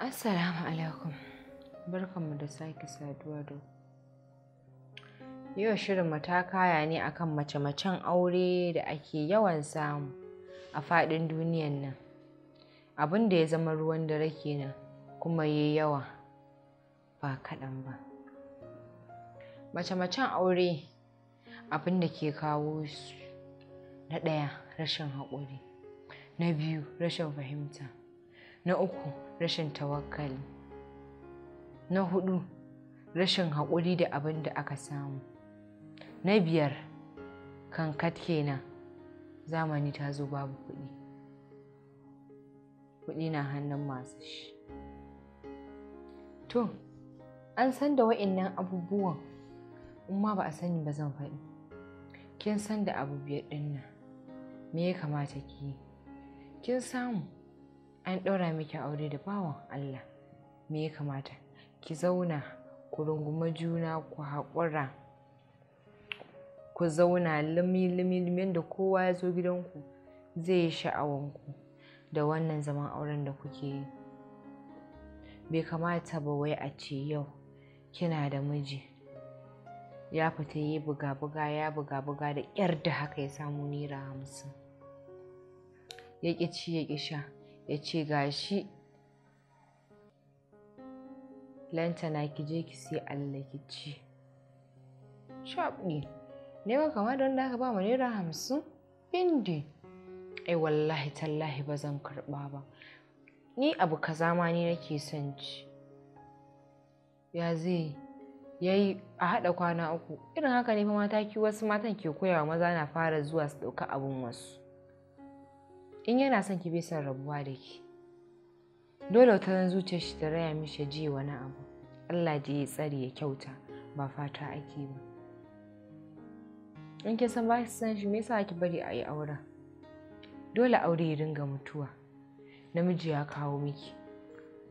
Assalamu alaikum. Barkanmu da sake saduwa da Yau shirin ta kaya ne akan mace-macen aure da ake yawan samu a faɗin duniyan nan. Abin da ya zama ruwan da rake nan kuma ya yawa ba kaɗan ba. Mace-macen aure abin da ke kawo su na ɗaya rashin haƙuri, na biyu rashin fahimta. na uku rashin tawakali. na hudu rashin haƙuri da abin da aka samu na biyar kan katke na. zamani ta zo babu kuɗi kuɗi na hannun masu shi to an san da wa'innan abubuwan in ma ba a sani ba zan faɗi kin san da abu biyar ɗin nan me ya kamata ki yi kin samu an ɗora miki aure da bawan Allah me ya kamata ki zauna ku runguma juna ku haƙura ku zauna lumi-lumi yadda kowa ya zo gidanku zai yi sha'awanku da wannan zaman auren da kuke yi bai kamata ba wai a ce yau kina da miji ya fita yi buga-buga ya buga-buga da ƙyar da haka ya samu naira hamsin ya ƙi ci ya ƙi sha ya ce gashi lantana ki je ki sai Allah ki ci shaɓi ne ba kama don da aka ba mu naira hamsin bindi ai wallahi tallahi ba zan karɓa ba ni abu kaza ma ni nake son ci ya zai yayi a haɗa kwana uku irin haka ne fa mata ki wasu matan ke koyawa maza na fara zuwa su ɗauka abun wasu in yana son ki bi son rabuwa da ki dole wata zuciyar shi ta raya mishi ji wani abu Allah ji ya tsare ya kyauta ba fata ake ba in kin san ba ki san shi me yasa ki bari a yi auren dole aure ya dinga mutuwa namiji ya kawo miki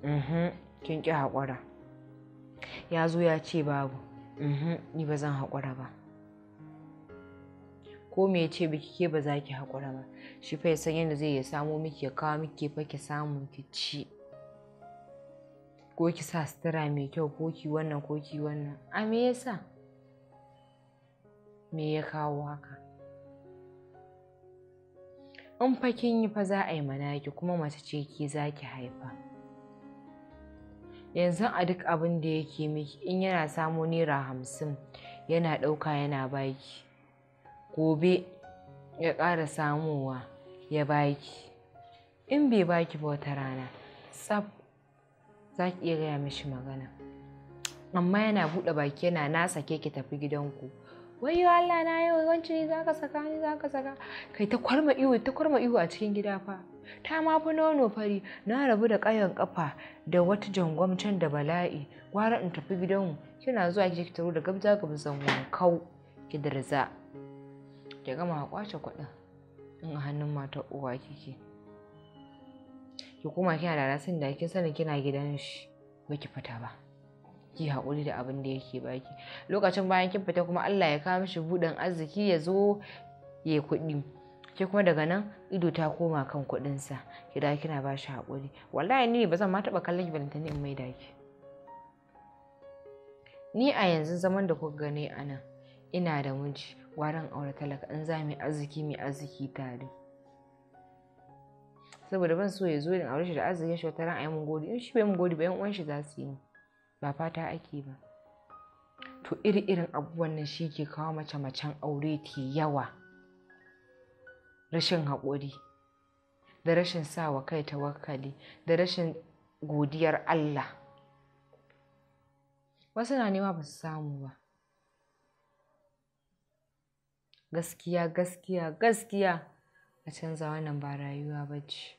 mm-hmm. kin ki haƙura ya zo ya ce babu mm-hmm. ni ba zan haƙura ba ko me ce biki ke ba za ki haƙura ba shi fa ya san yadda zai ya samo miki ya kawo miki fa ki samu ki ci ko ki sa sutura mai kyau ko ki wannan ko ki wannan a me yasa me ya kawo haka in fa kin yi fa za a yi manaki kuma mace ce ki za ki haifa yanzu a duk abin da yake miki in yana samo naira hamsin yana ɗauka yana baki gobe ya ƙara samowa ya baki in bai baki ba wata rana sab za ki iya gaya mishi magana amma yana buɗe baki yana nasa sake ki tafi gidanku wai Allah na yi wancan ne zaka saka ni zaka saka kai ta kwarma ihu ta kwarma a cikin gida fa ta ma fi nono fari na rabu da ƙayan ƙafa da wata jangwamcen da bala'i gwara in tafi gidanku? kina zuwa ki taro da gabza gabzan wankau ki dirza ya gama kwace kuɗin in a hannun matar uwa kike ki koma kina da rasin da kin sani kina gidan shi baki fita ba ki hakuri da abin da yake baki lokacin bayan kin fita kuma Allah ya kawo mishi buɗin arziki ya zo ya kuɗi ke kuma daga nan ido ta koma kan kuɗinsa ki da kina ba shi haƙuri wallahi ni ba zan ma taɓa kallon ki balanta ni in mai daki ni a yanzu zaman da kuka gani a nan ina da miji waran aure talaka in za mu arziki mai arziki tare saboda ban so ya zo da aure shi da arziki shi wata ran ayi mun gode in shi bai mun gode ba yan uwan shi za su yi ba fata ake ba to iri-irin abubuwan nan shi ke kawo mace-macen aure ke yawa rashin haƙuri da rashin sawa kai tawakkali da rashin godiyar Allah wasu na nema ba su samu ba gaskiya gaskiya gaskiya a canza wannan ba rayuwa ba ce